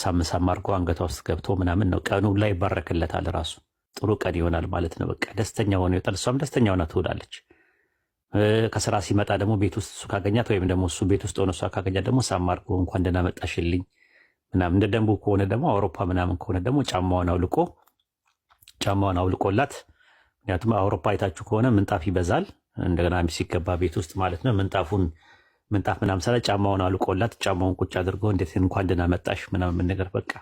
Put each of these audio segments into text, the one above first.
ሳም ሳም አድርጎ አንገቷ ውስጥ ገብቶ ምናምን ነው ቀኑ ላይ ይባረክለታል። ራሱ ጥሩ ቀን ይሆናል ማለት ነው። በቃ ደስተኛ ሆነ ይወጣል። እሷም ደስተኛ ሆና ትውላለች። ከስራ ሲመጣ ደግሞ ቤት ውስጥ እሱ ካገኛት ወይም ደግሞ እሱ ቤት ውስጥ ሆነ እሷ ካገኛት ደግሞ ሳም አድርጎ እንኳን ደህና መጣሽልኝ ምናምን እንደ ደንቡ ከሆነ ደግሞ አውሮፓ ምናምን ከሆነ ደግሞ ጫማዋን አውልቆ ጫማዋን አውልቆላት። ምክንያቱም አውሮፓ አይታችሁ ከሆነ ምንጣፍ ይበዛል። እንደገና ሲገባ ቤት ውስጥ ማለት ነው ምንጣፉን ምንጣፍ ምናምን ስላ ጫማውን አልቆላት ጫማውን ቁጭ አድርጎ እንዴት እንኳን ደህና መጣሽ ምናምን ነገር በቃ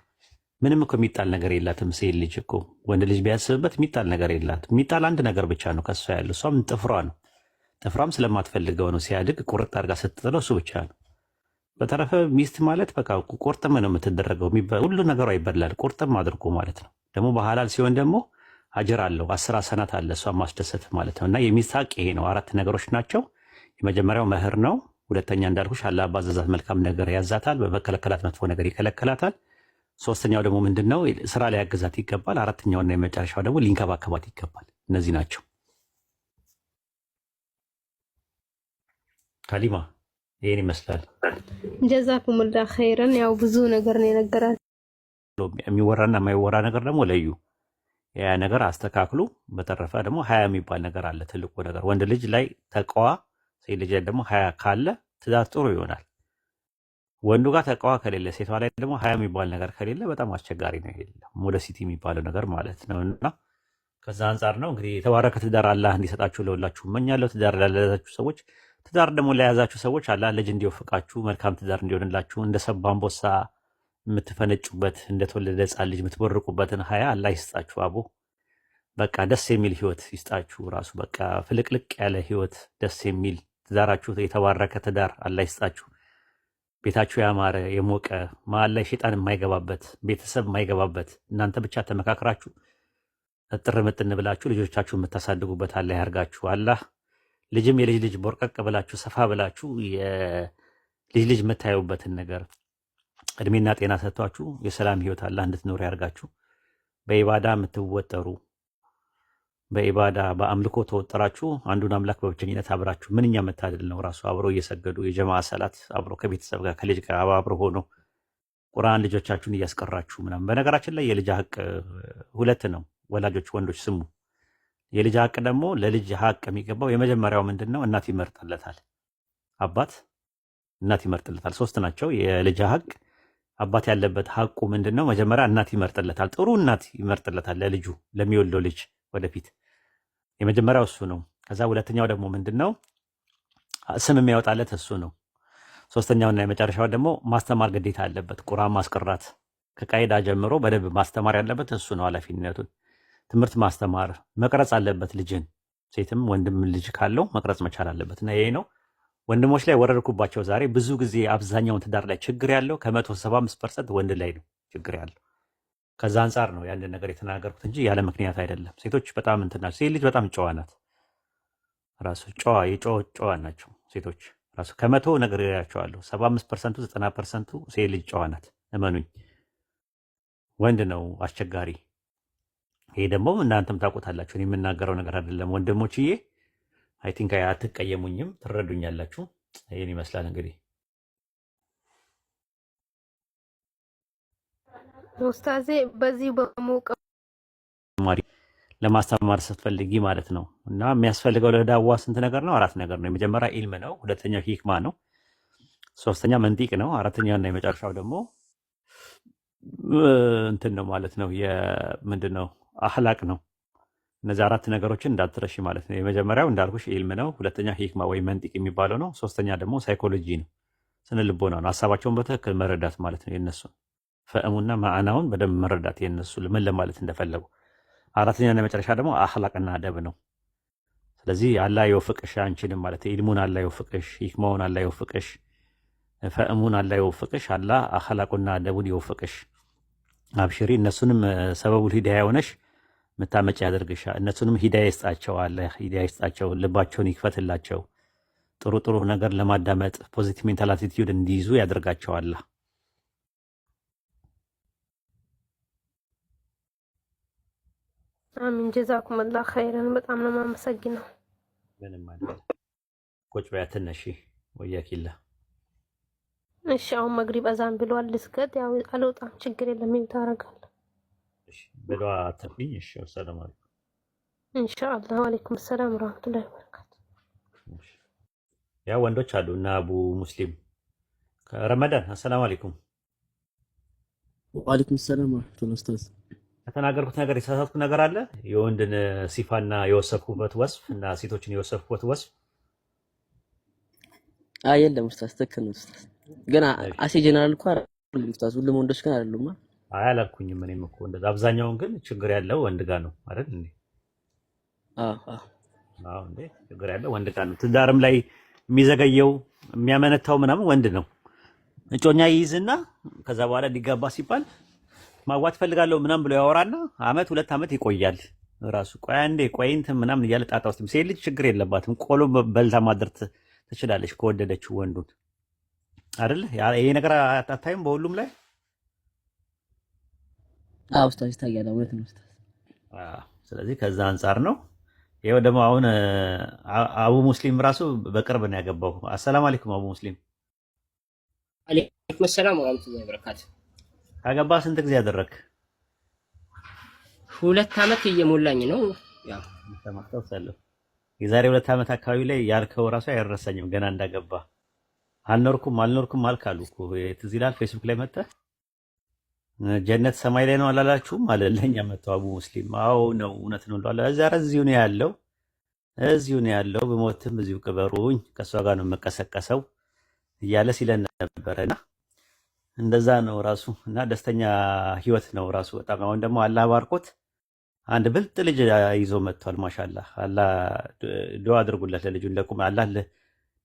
ምንም እኮ የሚጣል ነገር የላትም። ሴት ልጅ እኮ ወንድ ልጅ ቢያስብበት የሚጣል ነገር የላትም። የሚጣል አንድ ነገር ብቻ ነው ከሷ ያለው፣ እሷም ጥፍሯ ነው። ጥፍሯም ስለማትፈልገው ነው። ሲያድግ ቁርጥ አድርጋ ስትጥለው እሱ ብቻ ነው። በተረፈ ሚስት ማለት በቃ ቁርጥም ነው የምትደረገው። ሁሉ ነገሯ ይበላል ቁርጥም አድርጎ ማለት ነው። ደግሞ በሀላል ሲሆን ደግሞ አጅር አለው አስር ሰናት አለ እሷ ማስደሰት ማለት ነው። እና የሚስት ሀቅ ይሄ ነው። አራት ነገሮች ናቸው። የመጀመሪያው መህር ነው። ሁለተኛ እንዳልኩሽ አላህ ባዘዛት መልካም ነገር ያዛታል፣ በመከለከላት መጥፎ ነገር ይከለከላታል። ሶስተኛው ደግሞ ምንድን ነው? ስራ ላይ ያገዛት ይገባል። አራተኛውና የመጨረሻው ደግሞ ሊንከባከባት ይገባል። እነዚህ ናቸው። ካሊማ ይህን ይመስላል። ጀዛኩሙላ ኸይረን። ያው ብዙ ነገር ነው የነገራል። የሚወራና የማይወራ ነገር ደግሞ ለዩ። ያ ነገር አስተካክሉ። በተረፈ ደግሞ ሀያ የሚባል ነገር አለ። ትልቁ ነገር ወንድ ልጅ ላይ ተቀዋ ሴት ልጅ ደግሞ ሀያ ካለ ትዳር ጥሩ ይሆናል። ወንዱ ጋር ተቃዋ ከሌለ ሴቷ ላይ ደግሞ ሀያ የሚባል ነገር ከሌለ በጣም አስቸጋሪ ነው። ይሄ ሞደሲቲ የሚባለው ነገር ማለት ነው። እና ከዛ አንጻር ነው እንግዲህ የተባረከ ትዳር አላህ እንዲሰጣችሁ ለሁላችሁ እመኛለሁ። ትዳር ላለያዛችሁ ሰዎች፣ ትዳር ደግሞ ለያዛችሁ ሰዎች አላህ ልጅ እንዲወፍቃችሁ መልካም ትዳር እንዲሆንላችሁ እንደ ሰባ አንበሳ የምትፈነጩበት እንደተወለደ ሕፃን ልጅ የምትቦርቁበትን ሀያ አላህ ይስጣችሁ። አቦ በቃ ደስ የሚል ህይወት ይስጣችሁ። ራሱ በቃ ፍልቅልቅ ያለ ህይወት ደስ የሚል ትዳራችሁ የተባረከ ትዳር አላህ ይስጣችሁ። ቤታችሁ ያማረ የሞቀ መሀል ላይ ሸጣን የማይገባበት ቤተሰብ የማይገባበት እናንተ ብቻ ተመካክራችሁ እጥር ምጥን ብላችሁ ልጆቻችሁ የምታሳድጉበት አላህ ያርጋችሁ። አላህ ልጅም የልጅ ልጅ ቦርቀቅ ብላችሁ ሰፋ ብላችሁ የልጅ ልጅ የምታዩበትን ነገር እድሜና ጤና ሰጥቷችሁ የሰላም ህይወት አላህ እንድትኖር ያርጋችሁ። በኢባዳ የምትወጠሩ በኢባዳ በአምልኮ ተወጠራችሁ አንዱን አምላክ በብቸኝነት አብራችሁ ምንኛ መታደል ነው። ራሱ አብሮ እየሰገዱ የጀማ ሰላት አብሮ ከቤተሰብ ጋር ከልጅ ጋር አብሮ ሆኖ ቁርአን ልጆቻችሁን እያስቀራችሁ ምናምን። በነገራችን ላይ የልጅ ሀቅ ሁለት ነው። ወላጆች ወንዶች ስሙ። የልጅ ሀቅ ደግሞ ለልጅ ሀቅ የሚገባው የመጀመሪያው ምንድን ነው? እናት ይመርጥለታል። አባት እናት ይመርጥለታል። ሶስት ናቸው የልጅ ሀቅ። አባት ያለበት ሀቁ ምንድን ነው? መጀመሪያ እናት ይመርጥለታል። ጥሩ እናት ይመርጥለታል ለልጁ ለሚወልደው ልጅ ወደፊት የመጀመሪያው እሱ ነው። ከዛ ሁለተኛው ደግሞ ምንድን ነው ስም የሚያወጣለት እሱ ነው። ሶስተኛውና የመጨረሻው ደግሞ ማስተማር ግዴታ አለበት። ቁራን ማስቀራት ከቃይዳ ጀምሮ በደንብ ማስተማር ያለበት እሱ ነው። ኃላፊነቱን ትምህርት ማስተማር መቅረጽ አለበት። ልጅን ሴትም ወንድም ልጅ ካለው መቅረጽ መቻል አለበት እና ይሄ ነው ወንድሞች ላይ ወረድኩባቸው ዛሬ። ብዙ ጊዜ አብዛኛውን ትዳር ላይ ችግር ያለው ከመቶ ሰባ አምስት ፐርሰንት ወንድ ላይ ነው ችግር ያለው። ከዛ አንጻር ነው ያንን ነገር የተናገርኩት እንጂ ያለ ምክንያት አይደለም። ሴቶች በጣም እንትና ሴት ልጅ በጣም ጨዋ ናት። ራሱ ጨዋ የጨዋ ጨዋ ናቸው ሴቶች ራሱ ከመቶ ነገር ያቸዋለሁ ሰባ አምስት ፐርሰንቱ ዘጠና ፐርሰንቱ ሴት ልጅ ጨዋ ናት። እመኑኝ። ወንድ ነው አስቸጋሪ። ይሄ ደግሞ እናንተም ታውቁታላችሁ። የምናገረው ነገር አይደለም ወንድሞችዬ። አይ ቲንክ አትቀየሙኝም፣ ትረዱኛላችሁ። ይህን ይመስላል እንግዲህ ኡስታዜ በዚህ በሞቀ ለማስተማር ስትፈልጊ ማለት ነው። እና የሚያስፈልገው ለዳዋ ስንት ነገር ነው? አራት ነገር ነው። የመጀመሪያ ኢልም ነው፣ ሁለተኛው ሂክማ ነው፣ ሶስተኛ መንጢቅ ነው፣ አራተኛና የመጨረሻው ደግሞ እንትን ነው ማለት ነው። የምንድን ነው አህላቅ ነው። እነዚህ አራት ነገሮችን እንዳትረሽ ማለት ነው። የመጀመሪያው እንዳልኩሽ ኢልም ነው፣ ሁለተኛ ሂክማ ወይም መንጢቅ የሚባለው ነው፣ ሶስተኛ ደግሞ ሳይኮሎጂ ነው፣ ስነ ልቦና ነው። ሀሳባቸውን በትክክል መረዳት ማለት ነው የነሱን ፈእሙና ማዕናውን በደንብ መረዳት የነሱ ምን ለማለት እንደፈለጉ። አራተኛና መጨረሻ ደግሞ አህላቅና አደብ ነው። ስለዚህ አላህ የወፍቅሽ አንቺንም ማለት ኢልሙን አላህ የወፍቅሽ፣ ሂክማውን አላህ የወፍቅሽ፣ ፈእሙን አላህ የወፍቅሽ፣ አላህ አህላቁና አደቡን የወፍቅሽ። አብሽሪ እነሱንም ሰበቡል ሂዳያ የሆነሽ ምታመጭ ያደርግሻ። እነሱንም ሂዳያ ይስጣቸው፣ አላህ ሂዳያ ይስጣቸው፣ ልባቸውን ይክፈትላቸው። ጥሩ ጥሩ ነገር ለማዳመጥ ፖዚቲቭ ሜንታል አቲቲዩድ እንዲይዙ ያደርጋቸዋል። አሚን ጀዛኩም አላህ ኸይረን። በጣም ነው የማመሰግነው። ምንም አይደለም። ቁጭ በያትን እሺ። ወያኪላ እሺ። አሁን መግሪብ አዛን ብሏል። ልስገድ። ያው አልወጣም፣ ችግር የለም። ይሁት አረጋለሁ። እሺ ብሏ አትፍኝ። እሺ። ሰላም አለይኩም። ኢንሻአላህ ወአለይኩም ሰላም ወራህመቱላሂ ወበረካቱ። ያው ወንዶች አሉ እና አቡ ሙስሊም ከረመዳን አሰላም አለይኩም። ወአለይኩም ሰላም ወራህመቱላሂ ወበረካቱ ከተናገርኩት ነገር የተሳሳትኩት ነገር አለ? የወንድን ሲፋና የወሰብኩበት ወስፍ እና ሴቶችን የወሰብኩበት ወስፍ የለም። ኡስታዝ ትክክል ነው። ኡስታዝ ግን አሴ ጀነራል እኮ አይደለም ኡስታዝ፣ ሁሉም ወንዶች ግን አይደሉም። አይ አላልኩኝም። እኔም እኮ እንደዛ። አብዛኛውን ግን ችግር ያለው ወንድ ጋር ነው አይደል እንዴ? አዎ፣ እንዴ ችግር ያለው ወንድ ጋር ነው። ትዳርም ላይ የሚዘገየው የሚያመነታው ምናምን ወንድ ነው። እጮኛ ይይዝና ከዛ በኋላ ሊጋባ ሲባል ማግባት እፈልጋለሁ ምናም ብሎ ያወራና አመት ሁለት አመት ይቆያል። ራሱ ቆይ አንዴ ቆይ እንትን ምናምን እያለ ጣጣ ውስጥ ሴት ልጅ ችግር የለባትም። ቆሎ በልታ ማደር ትችላለች ከወደደችው ወንዱን አይደለ? ይሄ ነገር አታይም? በሁሉም ላይ ኡስታዝ ይታያል። እውነት ነው ስለዚህ ከዛ አንጻር ነው ይኸው ደግሞ አሁን አቡ ሙስሊም ራሱ በቅርብ ነው ያገባው። አሰላም አለይኩም አቡ ሙስሊም። አለይኩም ሰላም ወራህመቱላሂ ወበረካቱ ካገባ ስንት ጊዜ አደረክ? ሁለት አመት እየሞላኝ ነው። ያው የዛሬ ሁለት አመት አካባቢ ላይ ያልከው ራሱ አይረሳኝም። ገና እንዳገባ አልኖርኩም አልኖርኩም አልካሉ እኮ ትዝ ይላል። ፌስቡክ ላይ መጣ ጀነት ሰማይ ላይ ነው አላላችሁም? አለ ለኛ መተው አቡ ሙስሊም። አዎ ነው እውነት ነው አለ። ዛሬ እዚሁ ነው ያለው እዚሁ ነው ያለው። ብሞትም እዚሁ ቅበሩኝ፣ ከእሷ ጋር ነው የምቀሰቀሰው እያለ ሲለን ነበረና እንደዛ ነው ራሱ እና ደስተኛ ህይወት ነው ራሱ በጣም አሁን ደግሞ አላህ ባርኮት አንድ ብልጥ ልጅ ይዞ መጥቷል። ማሻላ አላ ዱዓ አድርጉለት ለልጁን ለቁም አላህ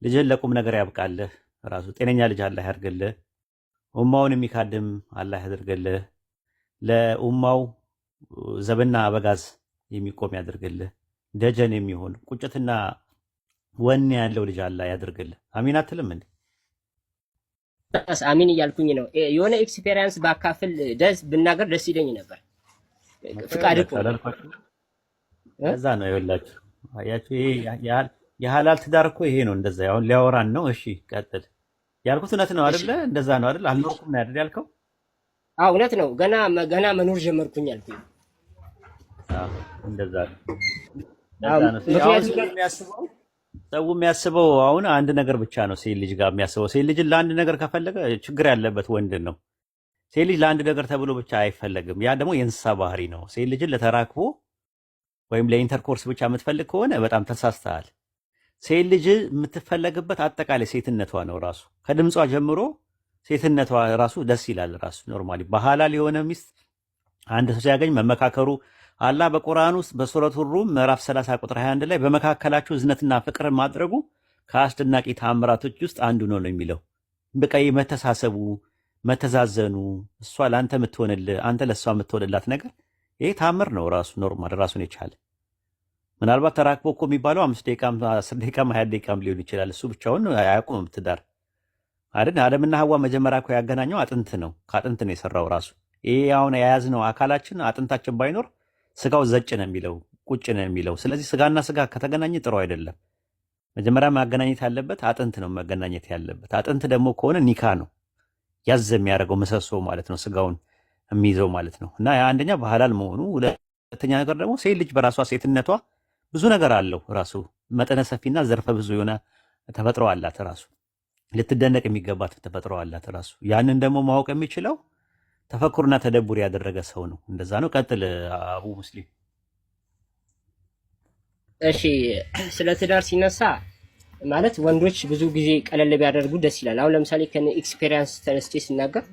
ልጅህን ለቁም ነገር ያብቃልህ። ራሱ ጤነኛ ልጅ አላህ ያድርግልህ። ኡማውን የሚካድም አላህ ያድርግልህ። ለኡማው ዘብና አበጋዝ የሚቆም ያድርግልህ። ደጀን የሚሆን ቁጭትና ወኔ ያለው ልጅ አላህ ያድርግልህ። አሚን አትልም እንዴ? ቀስ አሚን እያልኩኝ ነው። የሆነ ኤክስፔሪንስ ባካፍል ደስ ብናገር ደስ ይለኝ ነበር። ፍቃድ እዛ ነው የወላችሁ አያችሁ። የሀላል ትዳር እኮ ይሄ ነው። እንደዛ አሁን ሊያወራን ነው። እሺ ቀጥል። ያልኩት እውነት ነው አይደለ? እንደዛ ነው አይደለ? አልኖርኩም ያደል ያልከው? አዎ እውነት ነው። ገና ገና መኖር ጀመርኩኝ አልኩኝ። እንደዛ ነው። ምክንያቱም የሚያስበው ሰው የሚያስበው አሁን አንድ ነገር ብቻ ነው። ሴት ልጅ ጋር የሚያስበው ሴት ልጅን ለአንድ ነገር ከፈለገ ችግር ያለበት ወንድን ነው። ሴት ልጅ ለአንድ ነገር ተብሎ ብቻ አይፈለግም። ያ ደግሞ የእንስሳ ባህሪ ነው። ሴት ልጅን ለተራክቦ ወይም ለኢንተርኮርስ ብቻ የምትፈልግ ከሆነ በጣም ተሳስተሃል። ሴት ልጅ የምትፈለግበት አጠቃላይ ሴትነቷ ነው ራሱ ከድምጿ ጀምሮ ሴትነቷ ራሱ ደስ ይላል። ራሱ ኖርማሊ በሐላል የሆነ ሚስት አንድ ሰው ሲያገኝ መመካከሩ አላ በቁርአን ውስጥ በሱረቱ ሩም ምዕራፍ 30 ቁጥር 21 ላይ በመካከላችሁ እዝነትና ፍቅር ማድረጉ ከአስደናቂ ተአምራቶች ውስጥ አንዱ ነው የሚለው በቃ መተሳሰቡ፣ መተዛዘኑ እሷ ለአንተ የምትሆንልህ አንተ ለእሷ የምትሆንላት ነገር ይሄ ታምር ነው። ራሱ ኖርማል ራሱን የቻለ ምናልባት ተራክቦ እኮ የሚባለው አምስት ደቂቃም አስር ደቂቃም ሀያ ደቂቃም ሊሆን ይችላል። እሱ ብቻውን አያውቁም ትዳር አይደል። አለምና ሀዋ መጀመሪያ እኮ ያገናኘው አጥንት ነው፣ ከአጥንት ነው የሰራው ራሱ ይሄ አሁን የያዝነው አካላችን አጥንታችን ባይኖር ስጋው ዘጭ ነው የሚለው ቁጭ ነው የሚለው። ስለዚህ ስጋና ስጋ ከተገናኘ ጥሩ አይደለም። መጀመሪያ ማገናኘት ያለበት አጥንት ነው መገናኘት ያለበት። አጥንት ደግሞ ከሆነ ኒካ ነው ያዘ የሚያደርገው ምሰሶ ማለት ነው፣ ስጋውን የሚይዘው ማለት ነው። እና አንደኛ ባህላል መሆኑ፣ ሁለተኛ ነገር ደግሞ ሴት ልጅ በራሷ ሴትነቷ ብዙ ነገር አለው ራሱ መጠነ ሰፊና ዘርፈ ብዙ የሆነ ተፈጥሮ አላት ራሱ ልትደነቅ የሚገባት ተፈጥሮ አላት ራሱ ያንን ደግሞ ማወቅ የሚችለው ተፈኩርና ተደቡር ያደረገ ሰው ነው። እንደዛ ነው። ቀጥል አቡ ሙስሊም። እሺ ስለ ትዳር ሲነሳ ማለት ወንዶች ብዙ ጊዜ ቀለል ቢያደርጉ ደስ ይላል። አሁን ለምሳሌ ከኔ ኤክስፔሪንስ ተነስቼ ስናገር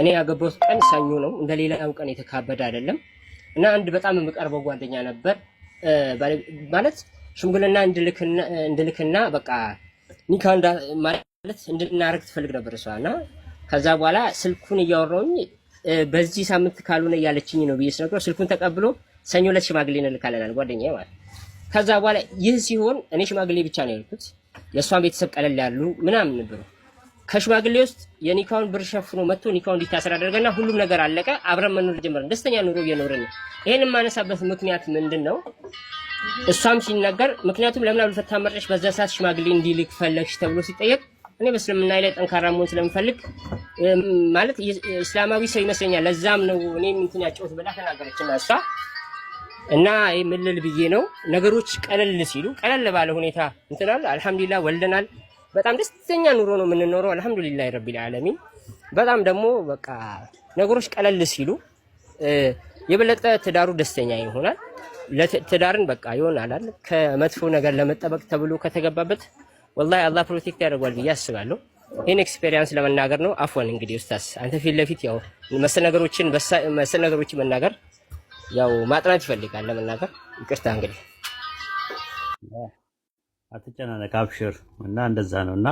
እኔ ያገባሁት ቀን ሰኞ ነው። እንደ ቀን የተካበደ አይደለም። እና አንድ በጣም የምቀርበው ጓደኛ ነበር ማለት ሽምግልና እንድልክና በቃ ኒካ ማለት እንድናረግ ትፈልግ ነበር እሷ እና ከዛ በኋላ ስልኩን እያወራውኝ በዚህ ሳምንት ካልሆነ እያለችኝ ነው ብዬ ስነግረው ስልኩን ተቀብሎ ሰኞ ዕለት ሽማግሌ እንልካለናል ጓደኛዬ ማለት ከዛ በኋላ ይህ ሲሆን እኔ ሽማግሌ ብቻ ነው ያልኩት። የእሷን ቤተሰብ ቀለል ያሉ ምናምን ነበሩ። ከሽማግሌ ውስጥ የኒካውን ብር ሸፍኖ መጥቶ ኒካውን እንዲታሰር አደረገና ሁሉም ነገር አለቀ። አብረን መኖር ጀመርን። ደስተኛ ኑሮ እየኖርን ነው። የማነሳበት ምክንያት ምንድን ነው? እሷም ሲነገር ምክንያቱም ለምን አብልፈታ መረሽ በዛ ሰዓት ሽማግሌ እንዲልክ ፈለግሽ ተብሎ ሲጠየቅ እኔ በእስልምና ላይ ጠንካራ መሆን ስለምፈልግ ማለት እስላማዊ ሰው ይመስለኛል። ለዛም ነው እኔ እንትን ያጫወት ብላ ተናገረችና እሷ እና ምልል ብዬ ነው ነገሮች ቀለል ሲሉ ቀለል ባለ ሁኔታ እንትናል። አልሐምዱሊላ ወልደናል። በጣም ደስተኛ ኑሮ ነው የምንኖረው። አልሐምዱሊላ ረቢል ዓለሚን። በጣም ደግሞ በቃ ነገሮች ቀለል ሲሉ የበለጠ ትዳሩ ደስተኛ ይሆናል። ትዳርን በቃ ይሆናል ከመጥፎ ነገር ለመጠበቅ ተብሎ ከተገባበት ወላሂ አላህ ፕሮቴክት ያደርጓል ብዬ አስባለሁ። ይህን ኤክስፔሪንስ ለመናገር ነው። አፍዋን እንግዲህ ኡስታዝ አንተ ፊት ለፊት ያው መሰነገሮችን መሰነገሮችን መናገር ያው ማጥናት ይፈልጋል ለመናገር ይቅርታ እንግዲህ አትጨናነቅ፣ አብሽር እና እንደዛ ነው እና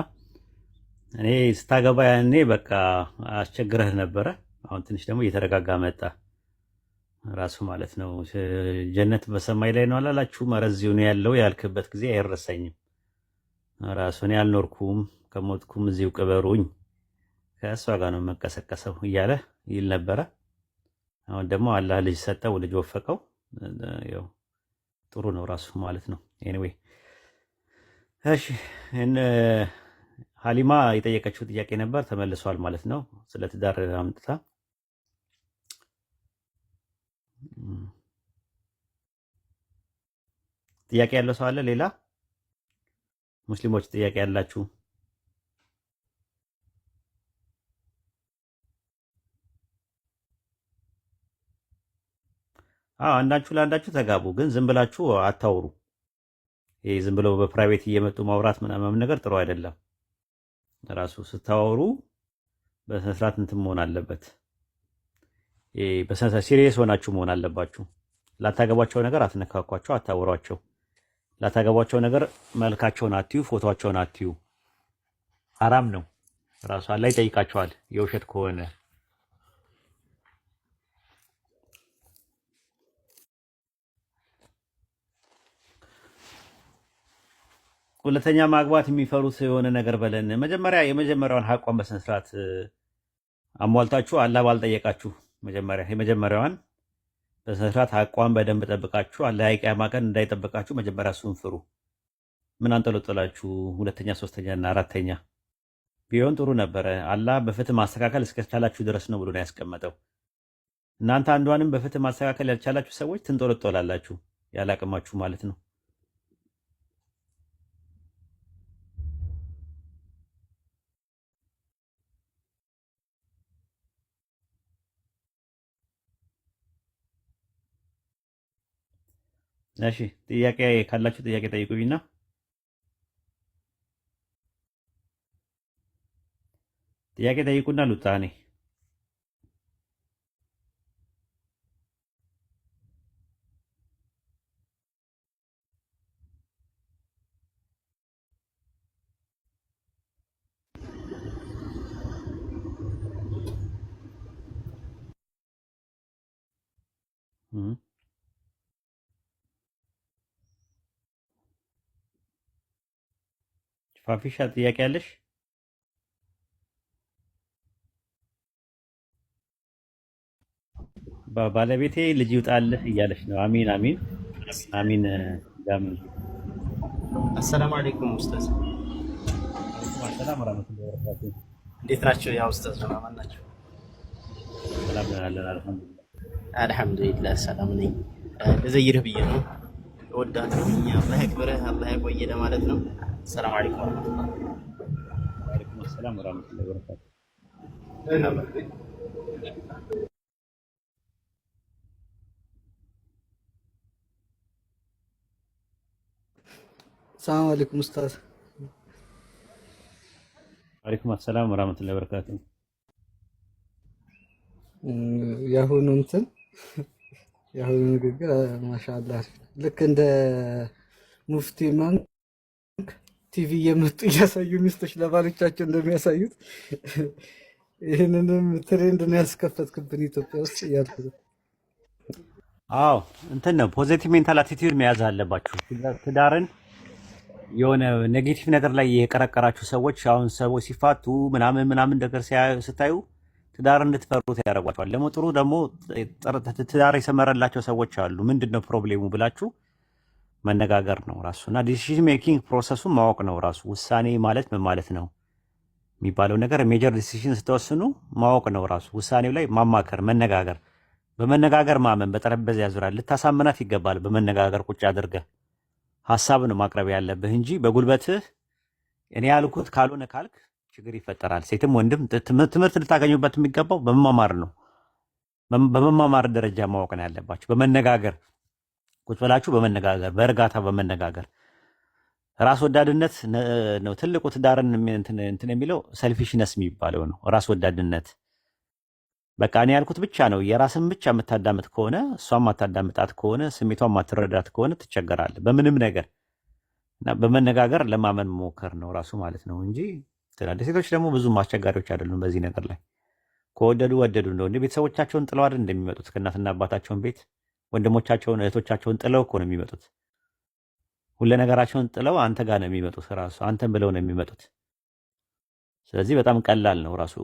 እኔ ስታገባ ያኔ በቃ አስቸግረህ ነበረ። አሁን ትንሽ ደግሞ እየተረጋጋ መጣ ራሱ ማለት ነው። ጀነት በሰማይ ላይ ነው አላላችሁ ኧረ ነው ያለው ያልክበት ጊዜ አይረሳኝም። ራሱን ያልኖርኩም ከሞትኩም እዚሁ ቅበሩኝ ከእሷ ጋር ነው መቀሰቀሰው እያለ ይል ነበረ። አሁን ደግሞ አላህ ልጅ ሰጠው፣ ልጅ ወፈቀው። ያው ጥሩ ነው ራሱ ማለት ነው። ኤኒዌይ እሺ፣ ሀሊማ የጠየቀችው ጥያቄ ነበር ተመልሷል ማለት ነው። ስለ ትዳር አምጥታ ጥያቄ ያለው ሰው አለ ሌላ ሙስሊሞች ጥያቄ ያላችሁ አንዳችሁ ለአንዳችሁ ተጋቡ፣ ግን ዝም ብላችሁ አታውሩ። ይህ ዝም ብለው በፕራይቬት እየመጡ ማውራት ምናምን ነገር ጥሩ አይደለም። ራሱ ስታወሩ በስነስርዓት እንትን መሆን አለበት። በስነ ሲሪየስ ሆናችሁ መሆን አለባችሁ። ላታገቧቸው ነገር አትነካኳቸው፣ አታውሯቸው። ላታገቧቸው ነገር መልካቸውን አትዩ፣ ፎቶቸውን አትዩ። አራም ነው። ራሱ ላይ ይጠይቃቸዋል የውሸት ከሆነ ሁለተኛ ማግባት የሚፈሩት የሆነ ነገር በለን። መጀመሪያ የመጀመሪያዋን ሀቋን በስነስርዓት አሟልታችሁ አላባ ባልጠየቃችሁ መጀመሪያ የመጀመሪያዋን በስነስርዓት አቋም በደንብ ጠብቃችሁ አለያይ ማቀን እንዳይጠብቃችሁ መጀመሪያ እሱን ፍሩ። ምን አንጠለጠላችሁ? ሁለተኛ ሶስተኛ እና አራተኛ ቢሆን ጥሩ ነበረ። አላህ በፍትህ ማስተካከል እስከቻላችሁ ድረስ ነው ብሎ ነው ያስቀመጠው። እናንተ አንዷንም በፍትህ ማስተካከል ያልቻላችሁ ሰዎች ትንጠለጠላላችሁ፣ ያላቅማችሁ ማለት ነው። እሺ ጥያቄ ካላችሁ ጥያቄ ጠይቁኝና ጥያቄ ጠይቁና ልውጣ እኔ ፋፊሻ ጥያቄ ያለሽ? ባለቤቴ ልጅ ይውጣልህ እያለች ነው። አሚን አሚን አሚን። ዳምን አሰላሙ አለይኩም ኡስታዝ። ሰላም ወራህመቱላሂ ወበረካቱ። እንዴት ናቸው? ያ ኡስታዝ ማማን ናቸው? ሰላም ያለን አልሐምዱሊላህ። አልሐምዱሊላህ ሰላም ነኝ። ልዘይርህ ብዬ ነው። ወዳት ነኝ። አላህ ያክብርህ፣ አላህ ያቆየ ለማለት ነው። ሰላም አለይኩም ወራህመቱላህ። ወአለይኩም ሰላም ወራህመቱላህ ወበረካቱ። ሰላም አለይኩም ኡስታዝ። ወአለይኩም ሰላም ወራህመቱላህ ወበረካቱ። ያሁኑ እንትን ያሁኑ ንግግር ማሻአላህ ልክ እንደ ሙፍቲ ማን ቲቪ የመጡ እያሳዩ ሚስቶች ለባሎቻቸው እንደሚያሳዩት ይህንንም ትሬንድ ነው ያስከፈትክብን ኢትዮጵያ ውስጥ እያልኩት። አዎ እንትን ነው ፖዚቲቭ ሜንታል አቲቲዩድ መያዝ አለባችሁ። ትዳርን የሆነ ኔጌቲቭ ነገር ላይ የቀረቀራችሁ ሰዎች አሁን ሰዎች ሲፋቱ ምናምን ምናምን ነገር ስታዩ ትዳር እንድትፈሩት ያደርጓቸዋል። ደግሞ ጥሩ ደግሞ ትዳር የሰመረላቸው ሰዎች አሉ። ምንድን ነው ፕሮብሌሙ ብላችሁ መነጋገር ነው ራሱ እና ዲሲዥን ሜኪንግ ፕሮሰሱን ማወቅ ነው ራሱ። ውሳኔ ማለት ምን ማለት ነው የሚባለው ነገር ሜጀር ዲሲዥን ስትወስኑ ማወቅ ነው ራሱ። ውሳኔው ላይ ማማከር፣ መነጋገር፣ በመነጋገር ማመን፣ በጠረጴዛ ዙሪያ ልታሳምናት ይገባል። በመነጋገር ቁጭ አድርገህ ሀሳብ ነው ማቅረብ ያለብህ እንጂ በጉልበትህ እኔ ያልኩት ካልሆነ ካልክ ችግር ይፈጠራል። ሴትም ወንድም ትምህርት ልታገኙበት የሚገባው በመማማር ነው። በመማማር ደረጃ ማወቅ ነው ያለባቸው በመነጋገር ቁጭ ብላችሁ በመነጋገር በእርጋታ በመነጋገር ራስ ወዳድነት ነው ትልቁ ትዳርን እንትን የሚለው ሰልፊሽነስ የሚባለው ነው። ራስ ወዳድነት በቃ እኔ ያልኩት ብቻ ነው። የራስን ብቻ የምታዳምጥ ከሆነ እሷን ማታዳምጣት ከሆነ ስሜቷን ማትረዳት ከሆነ ትቸገራለህ በምንም ነገር እና በመነጋገር ለማመን መሞከር ነው ራሱ ማለት ነው እንጂ ትላለህ። ሴቶች ደግሞ ብዙም አስቸጋሪዎች አይደሉም በዚህ ነገር ላይ ከወደዱ ወደዱ ነው እንደ ቤተሰቦቻቸውን ጥለዋል እንደሚመጡት ከእናትና አባታቸውን ቤት ወንድሞቻቸውን እህቶቻቸውን ጥለው እኮ ነው የሚመጡት። ሁለ ነገራቸውን ጥለው አንተ ጋር ነው የሚመጡት። ራሱ አንተን ብለው ነው የሚመጡት። ስለዚህ በጣም ቀላል ነው ራሱ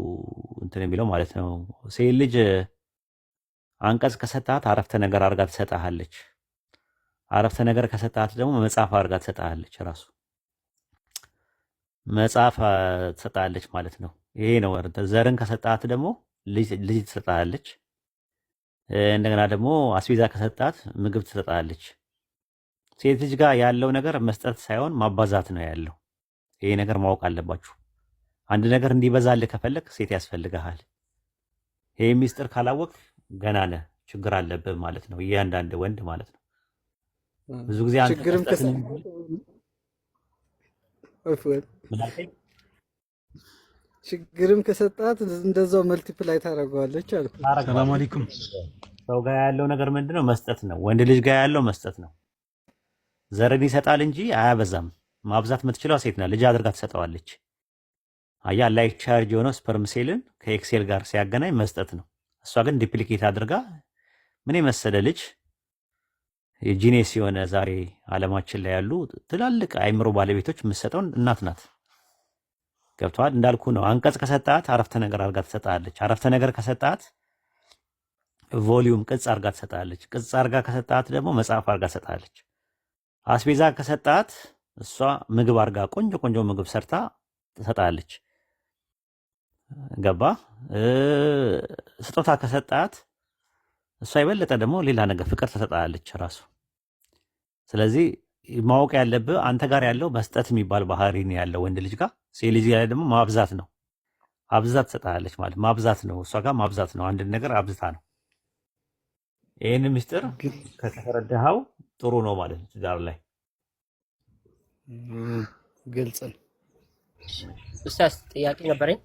እንትን የሚለው ማለት ነው። ሴት ልጅ አንቀጽ ከሰጣት አረፍተ ነገር አድርጋ ትሰጣሃለች። አረፍተ ነገር ከሰጣት ደግሞ መጽሐፍ አድርጋ ትሰጣሃለች። ራሱ መጽሐፍ ትሰጣለች ማለት ነው። ይሄ ነው። ዘርን ከሰጣት ደግሞ ልጅ ትሰጣለች። እንደገና ደግሞ አስቤዛ ከሰጣት ምግብ ትሰጣለች። ሴት ልጅ ጋር ያለው ነገር መስጠት ሳይሆን ማባዛት ነው ያለው። ይሄ ነገር ማወቅ አለባችሁ። አንድ ነገር እንዲበዛልህ ከፈለግ ሴት ያስፈልግሃል። ይህ ሚስጥር ካላወቅ ገና ነህ፣ ችግር አለብህ ማለት ነው። እያንዳንድ ወንድ ማለት ነው ብዙ ጊዜ ችግርም ከሰጣት እንደዛው መልቲፕላይ ታደርገዋለች አሉ። ሰላም አለይኩም። ሰው ጋር ያለው ነገር ምንድን ነው? መስጠት ነው። ወንድ ልጅ ጋር ያለው መስጠት ነው። ዘርን ይሰጣል እንጂ አያበዛም። ማብዛት የምትችለው ሴት ናት። ልጅ አድርጋ ትሰጠዋለች። አያ ላይ ቻርጅ የሆነው ስፐርም ሴልን ከኤክሴል ጋር ሲያገናኝ መስጠት ነው። እሷ ግን ዲፕሊኬት አድርጋ ምን የመሰለ ልጅ የጂኔስ የሆነ ዛሬ አለማችን ላይ ያሉ ትላልቅ አይምሮ ባለቤቶች የምትሰጠውን እናት ናት። ገብተዋል። እንዳልኩ ነው። አንቀጽ ከሰጣት አረፍተ ነገር አርጋ ትሰጣለች። አረፍተ ነገር ከሰጣት ቮሊዩም ቅጽ አርጋ ትሰጣለች። ቅጽ አርጋ ከሰጣት ደግሞ መጽሐፍ አድርጋ ትሰጣለች። አስቤዛ ከሰጣት እሷ ምግብ አድርጋ ቆንጆ ቆንጆ ምግብ ሰርታ ትሰጣለች። ገባ። ስጦታ ከሰጣት እሷ የበለጠ ደግሞ ሌላ ነገር ፍቅር ትሰጣለች ራሱ ስለዚህ ማወቅ ያለብህ አንተ ጋር ያለው መስጠት የሚባል ባህሪ ነው ያለው ወንድ ልጅ ጋር፣ ሴት ልጅ ጋር ደግሞ ማብዛት ነው። አብዛት ትሰጣለች ማለት ማብዛት ነው። እሷ ጋር ማብዛት ነው። አንድን ነገር አብዝታ ነው። ይህን ምስጢር ከተረዳኸው ጥሩ ነው ማለት ነው። ትዳር ላይ ግልጽ ነው። ጥያቄ ነበረኝ።